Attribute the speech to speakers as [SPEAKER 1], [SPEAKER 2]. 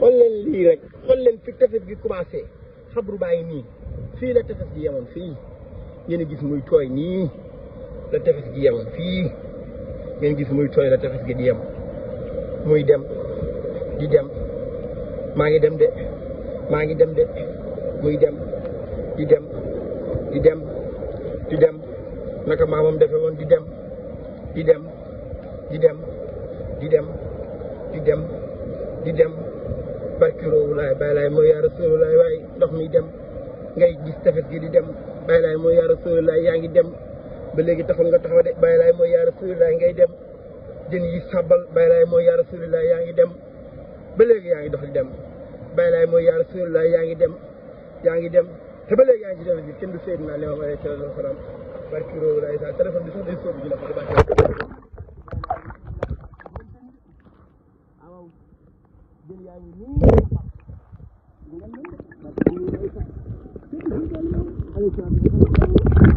[SPEAKER 1] xool leen lii rek xool leen fi tefes gi commencé xabru bàyyi nii fii la tefes gi yemoon fii ngeen gis muy tooy nii la tefes gi yemoon fii ngeen gis muy tooy la tefes gi di yem muy dem di dem maa ngi dem de maa ngi dem de muy dem di dem di dem di dem defe woon di dem di dem di dem di dem di dem di dem barkiloowu laay bàyyi laay mooy yaa rasulilaay waay ndox mi dem ngay gis tefes gi di dem bàyyi laay mooy yaa rasulilaay yaa ngi dem ba léegi taxul nga taxaw de bàyyi laay mooy ngay dem jën yi sàbbal bàyyi laay mooy yaa rasulilaay yaa ngi dem ba léegi yaa ngi dox di dem bàyyi laay mooy yaa rasulilaay yaa ngi dem yaa ngi dem te ba léegi yaa ngi ci def bi kenn du seet naa ne moom alayhi salaatu wa salaam barkiloowu laay day sóobu ji la Thank you.